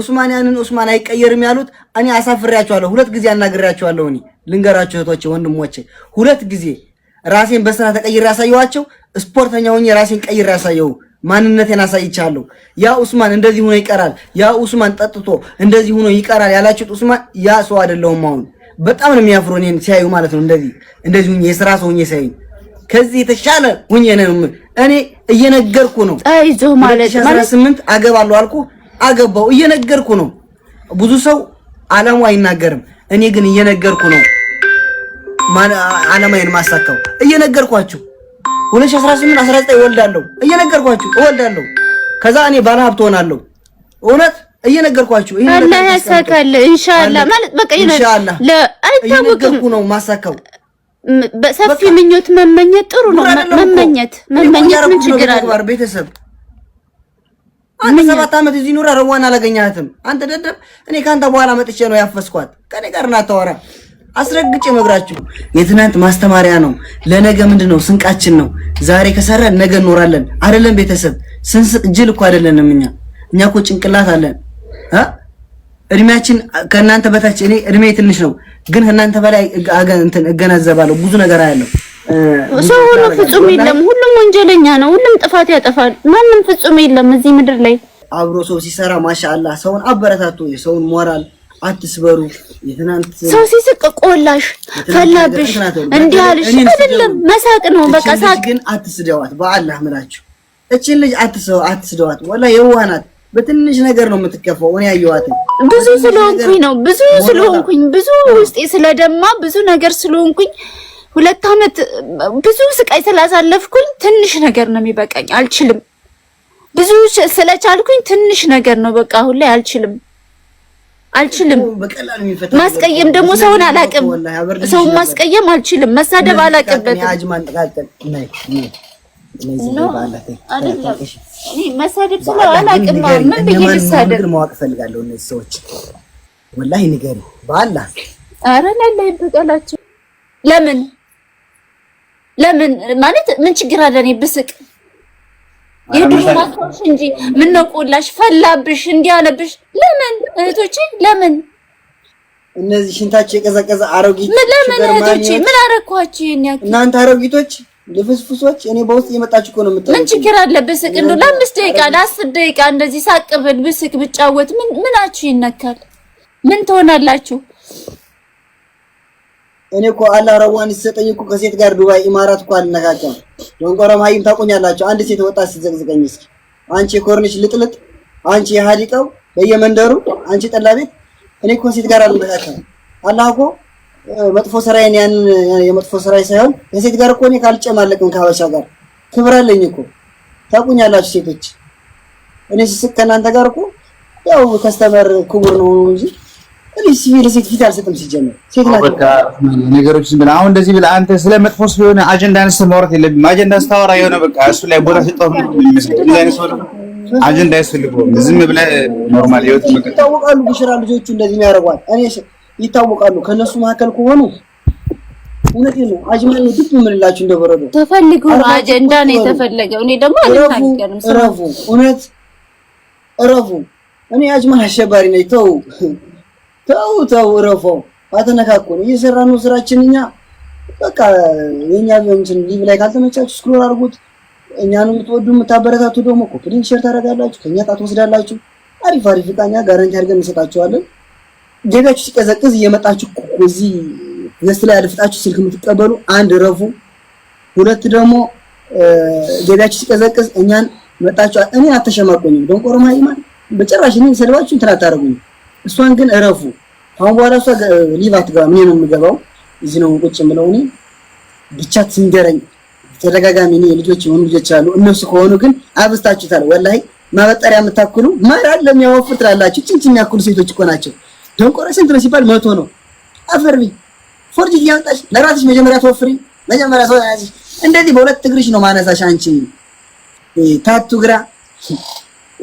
ኡስማንያንን ኡስማን አይቀየርም ያሉት እኔ አሳፍሬያቸዋለሁ። ሁለት ጊዜ አናግሬያቸዋለሁ። እኔ ልንገራቸው እህቶቼ፣ ወንድሞቼ ሁለት ጊዜ ራሴን በስራ ተቀይሬ ያሳየኋቸው ስፖርተኛ ሆኜ ራሴን ቀይሬ ያሳየው ማንነቴን አሳይቻለሁ። ያ ኡስማን እንደዚህ ሆኖ ይቀራል፣ ያ ኡስማን ጠጥቶ እንደዚህ ሆኖ ይቀራል ያላችሁት ኡስማን ያ ሰው አይደለሁም። አሁን በጣም ነው የሚያፍሩ እኔን ሲያዩ ማለት ነው። እንደዚህ እንደዚህ ሆኜ የስራ ሰው ሆኜ ሲያዩ ከዚህ የተሻለ ሆኜ ነው እኔ እየነገርኩ ነው። አይዞህ ማለት 18 አገባለሁ አልኩ አገባው። እየነገርኩ ነው። ብዙ ሰው አላማው አይናገርም። እኔ ግን እየነገርኩ ነው አላማዬን ማሳካው። እየነገርኳችሁ 2018 19 እወልዳለሁ። እየነገርኳችሁ እወልዳለሁ። ከዛ እኔ ባለ ሀብት ሆናለሁ። እውነት እየነገርኳችሁ አላህ ያሳካል። ኢንሻአላህ ማለት በቃ ኢንሻአላህ አይታወቅም ነው ማሳካው። በሰፊ ምኞት መመኘት ጥሩ ነው። መመኘት መመኘት ምን ችግር አለ ቤተሰብ አንተ ሰባት ዓመት እዚህ ኑራ ረዋን አላገኛትም። አንተ ደደብ፣ እኔ ከአንተ በኋላ መጥቼ ነው ያፈስኳት። ከኔ ጋር ና አስረግጬ መግራችሁ የትናንት ማስተማሪያ ነው ለነገ። ምንድን ነው ስንቃችን ነው። ዛሬ ከሰራን ነገ እንኖራለን አይደለም? ቤተሰብ ስንስቅ ጅል እኮ አይደለንም እኛ። እኛ እኮ ጭንቅላት አለን። እድሜያችን ከእናንተ በታች እኔ እድሜ ትንሽ ነው፣ ግን ከእናንተ በላይ እገናዘባለሁ ብዙ ነገር አያለሁ። ሰው ሁሉ ፍጹም የለም። ሁሉም ወንጀለኛ ነው። ሁሉም ጥፋት ያጠፋል። ማንም ፍጹም የለም እዚህ ምድር ላይ። አብሮ ሰው ሲሰራ ማሻአላ ሰውን አበረታቱ። የሰውን ሞራል አትስበሩ። የትናንት ሰው ሲስቅ ቆላሽ ፈላብሽ እንዲህ አልሽ አይደለም፣ መሳቅ ነው በቃ ሳቅ። ግን አትስደዋት፣ በአላህ ምላችሁ እችን ልጅ አትሰው አትስደዋት። ወላ የዋናት በትንሽ ነገር ነው የምትከፋው። እኔ ያየኋት ብዙ ስለሆንኩኝ ነው ብዙ ስለሆንኩኝ ብዙ ውስጤ ስለደማ ብዙ ነገር ስለሆንኩኝ ሁለት አመት ብዙ ስቃይ ስላሳለፍኩኝ ትንሽ ነገር ነው የሚበቃኝ። አልችልም። ብዙ ስለቻልኩኝ ትንሽ ነገር ነው በቃ። አሁን ላይ አልችልም፣ አልችልም። ማስቀየም ደግሞ ሰውን አላቅም። ሰውን ማስቀየም አልችልም። መሳደብ አላቅበትም። መሳደብ ስለ አላቅም ምን ብዬ ልሳደብ? ማወቅ እነዚህ ሰዎች ወላሂ ንገሪ በአላህ ላይ በቀላቸው ለምን ለምን ማለት ምን ችግር አለ? እኔ ብስቅ የድሮ ማስታወሽ እንጂ ምን ነው ቆላሽ፣ ፈላብሽ፣ እንዲያለብሽ ለምን እህቶቼ? ለምን እነዚህ ሽንታች የቀዘቀዘ አሮጊት ለምን እህቶቼ? ምን አረኳችሁ? ይሄን ያክል እናንተ አሮጊቶች ልፍስፍሶች፣ እኔ በውስጥ እየመጣችሁ እኮ ነው የምታዩት። ምን ችግር አለ? ብስቅ እንደው ለአምስት ደቂቃ ለአስር ደቂቃ እንደዚህ ሳቅብል ብስቅ ብጫወት ምን ምናችሁ ይነካል? ምን ትሆናላችሁ? እኔ እኮ አላህ ረዋን ሲሰጠኝ እኮ ከሴት ጋር ዱባይ ኢማራት እኮ አልነካከም። ዶንቆሮ ማይም ታቆኛላችሁ። አንድ ሴት ወጣ ስትዘቅዝቀኝ እስኪ አንቺ የኮርኒሽ ልጥልጥ፣ አንቺ የሀዲቀው በየመንደሩ፣ አንቺ ጠላ ቤት። እኔ እኮ ሴት ጋር አልነካከም። አላህ እኮ መጥፎ ስራዬን ያንን የመጥፎ ስራዬ ሳይሆን ከሴት ጋር እኮ እኔ ካልጨማለቅም ከሀበሻ ጋር ክብር አለኝ እኮ ታቆኛላችሁ ሴቶች። እኔ ስስቅ ከእናንተ ጋር እኮ ያው ከስተመር ክቡር ነው እንጂ ሴት ፊት አልሰጥም። ሲጀምር ሴት ነገሮች ዝም ብለህ አሁን እንደዚህ ብለህ አንተ ስለ መጥፎ ስለሆነ አጀንዳ አንስተህ ማውራት የለብህም። አጀንዳ ስታወራ የሆነ በቃ እሱ ላይ ቦታ ሰጠው አጀንዳ ያስፈልገውም። ዝም ብለህ ኖርማል ህይወት ይታወቃሉ። ብሽራ ልጆቹ እንደዚህ የሚያደርጓል እኔ ይታወቃሉ። ከእነሱ መካከል ከሆኑ እውነቴ ነው። አጅማን ድብ የምንላችሁ እንደበረዶ ተፈልጉ አጀንዳ ነው የተፈለገው። እኔ ደግሞ አልታገርም። እረፉ፣ እውነት እረፉ። እኔ አጅማን አሸባሪ ነኝ። ተው ተው ተው፣ እረፈው፣ አተነካኩን። እየሰራ ነው ስራችን እኛ። በቃ የኛ እንትን ሊቭ ላይ ካልተመቻችሁ ስክሮል አድርጉት። እኛን የምትወዱ የምታበረታቱ ደግሞ ኮፒሊንክ ሼር ታደርጋላችሁ፣ ከእኛ እቃ ወስዳላችሁ። አሪፍ አሪፍ እቃ እኛ ጋራንቲ አድርገን እንሰጣችኋለን። ገቢያችሁ ሲቀዘቅዝ እየመጣችሁ እዚህ ገስት ላይ አድፍጣችሁ ስልክ የምትቀበሉ አንድ እረፉ፣ ሁለት ደግሞ ገቢያችሁ ሲቀዘቅዝ እኛን መጣችሁ። እኔ አተሸማቆኝም ደንቆሮማ ይማን በጭራሽ እኔን ሰድባችሁ እንትን አታደርጉኝም። እሷን ግን እረፉ። አሁን በኋላ እሷ ሊቭ አትገባም። እኔ ነው የምገባው። እዚህ ነው ቁጭ የምለው እኔ ብቻ ትንገረኝ። ተደጋጋሚ እኔ ልጆች የሆኑ ልጆች አሉ። እነሱ ከሆኑ ግን አብስታችሁታል። ወላሂ ማበጠሪያ የምታክሉ ማር አለ የሚያወፍር ትላላችሁ። ጭንጭ የሚያክሉ ሴቶች እኮ ናቸው። ደንቆሮ ስንት ነው ሲባል መቶ ነው። አፈርቢ ፎርጅት እያመጣሽ ለራስሽ መጀመሪያ ተወፍሪ። መጀመሪያ ሰው ያዝሽ። እንደዚህ በሁለት እግርሽ ነው ማነሳሽ አንቺ ታቱ ግራ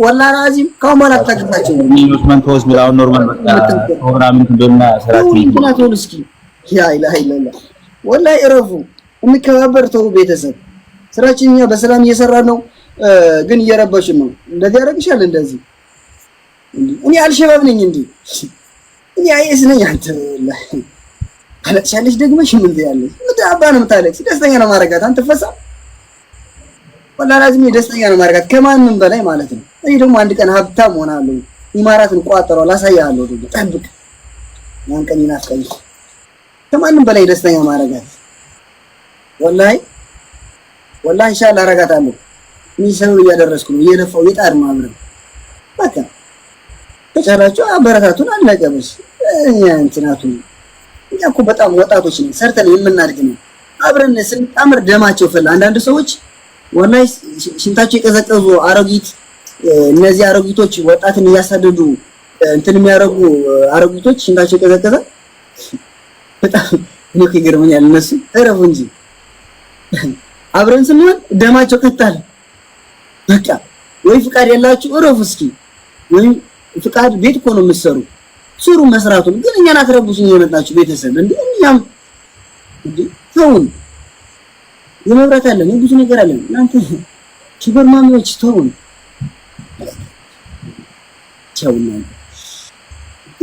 ወላ ራዚም ካሁን በኋላ አታገባቸው። ምን ተወስ ሚላውን ኖርማል በቃ ፕሮግራም እንደና ሰራት እስኪ ያ ኢላሀ ኢላላህ ወላሂ እረፉ። እንከባበር። ተው ቤተሰብ ስራችን እኛ በሰላም እየሰራ ነው፣ ግን እየረበሽን ነው። እንደዚህ ያደርግሻል። እንደዚህ እኔ አልሸባብ ነኝ እንዴ? እኔ አይስ ነኝ። አንተ ወላሂ ታለቅሻለሽ ደግመሽ ምን ትያለሽ? ምድ አባ ነው የምታለቅሽ። ደስተኛ ነው ማረጋት አንተ ፈሳ ወላ ላዚም ደስተኛ ነው ማረጋት ከማንም በላይ ማለት ነው። እኔ ደግሞ አንድ ቀን ሀብታም ሆናለሁ፣ ኢማራትን ቋጠሯ ላሳያለሁ። ደግሞ ጠብቅ፣ ያን ቀን ይናፍቀኝ። ከማንም በላይ ደስተኛ ማረጋት ወላሂ ወላሂ ኢንሻአላህ አረጋታለሁ። እኔ ሰበብ እያደረስኩ ነው፣ እየለፋው እየጣር ነው። በቃ ተቻላችሁ፣ አበረታቱን። አለቀ በስ እኛ እንትናቱ እኛ እኮ በጣም ወጣቶች ነን፣ ሰርተን የምናድግ ነው። አብረን ስንጣምር ደማቸው ፈላ። አንዳንድ ሰዎች ወላሂ ሽንታቸው የቀዘቀዙ አረጊት እነዚህ አረጉቶች ወጣትን እያሳደዱ እንትን የሚያረጉ አረጉቶች ሽንታቸው ቀዘቀዘ። በጣም ልክ ይገርመኛል። እነሱ እረፉ እንጂ አብረን ስንሆን ደማቸው ቀጣል። በቃ ወይ ፍቃድ ያላችሁ እረፉ እስኪ፣ ወይ ፍቃድ ቤት እኮ ነው የምትሰሩ ስሩ መስራቱን። ግን እኛን አትረብሱኝ እየመጣችሁ ቤተሰብ እንዴ! እኛም ተውን፣ የመብራት አለን የብዙ ነገር አለን። እናንተ ሽበርማሚዎች ተውን። ብቻው ነው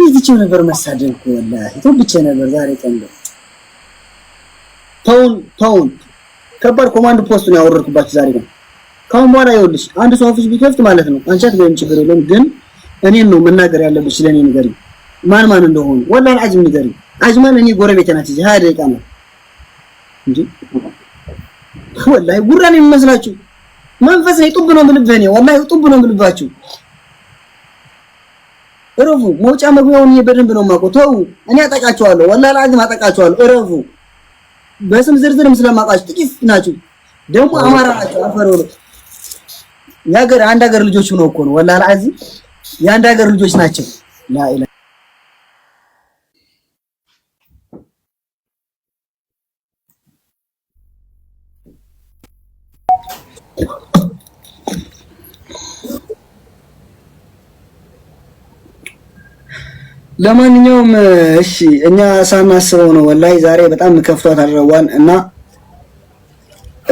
ይዝቸው ነበር መሳደብ እኮ ወላሂ ተብቼ ነበር። ዛሬ ቀን ተውን ተውን፣ ከባድ ኮማንድ ፖስት ነው ያወረድኩባችሁ ዛሬ ቀን። ካሁን በኋላ ይኸውልሽ አንድ ሰው ኦፊስ ቢከፍት ማለት ነው አንቻት ወይም ችግር የለም ግን እኔን ነው መናገር ያለብሽ። ለእኔ ንገሪ ማን ማን እንደሆኑ ወላሂ አጅም ንገሪ። አጅማን እኔ ጎረቤት ናት እዚህ ሀያ ደቂቃ ነው እንጂ ወላሂ ጉራ ነው የሚመስላችሁ። መንፈስ ነው ጡብ ነው የምልብህ እኔ ወላሂ ጡብ ነው የምልባችሁ እረፉ። መውጫ መግቢያውን በደንብ ነው የማውቀው። ተው፣ እኔ አጠቃቸዋለሁ፣ ወላሂ ለአዚም አጠቃቸዋለሁ። እረፉ። በስም ዝርዝርም ስለማውቃቸው ጥቂት ናቸው። ደግሞ አማራ ናቸው። አፈር ብሎ የአንድ ሀገር ልጆች ነው እኮ ነው። ወላሂ ለአዚም የአንድ ሀገር ልጆች ናቸው። ለማንኛውም እሺ፣ እኛ ሳናስበው ነው ወላሂ። ዛሬ በጣም ከፍቷት አረዋን እና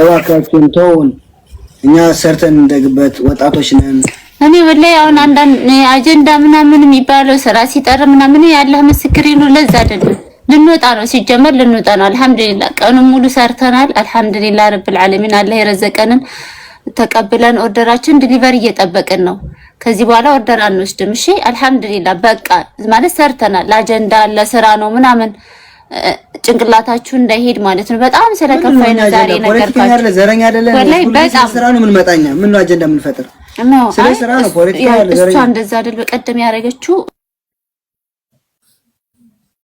እባካችሁን ተውን፣ እኛ ሰርተን እንደግበት ወጣቶች ነን። እኔ ወላሂ አሁን አንዳንድ አጀንዳ ምናምን የሚባለው ስራ ሲጠር ምናምን ያለህ ምስክር ይሉ ለዛ አይደለም ልንወጣ ነው። ሲጀመር ልንወጣ ነው። አልሐምዱሊላህ ቀኑን ሙሉ ሰርተናል። አልሐምዱሊላህ ረብል ዓለሚን አላህ የረዘቀንን ተቀብለን ኦርደራችን ዲሊቨሪ እየጠበቅን ነው። ከዚህ በኋላ ኦርደር አንወስድም። እሺ አልሐምዱሊላ በቃ ማለት ሰርተናል። ለአጀንዳ ለስራ ነው ምናምን ጭንቅላታችሁ እንዳይሄድ ማለት ነው። በጣም ስለከፋይ ነው ዛሬ ነገርኳችሁ። ዘረኛ አይደለም ወላይ በጣም ስራ ነው። ምን መጣኛ ምን ነው አጀንዳ ምን ፈጥር ስለ ስራ ነው ፖለቲካ ነው። እሷ እንደዛ አይደል በቀደም ያደረገችው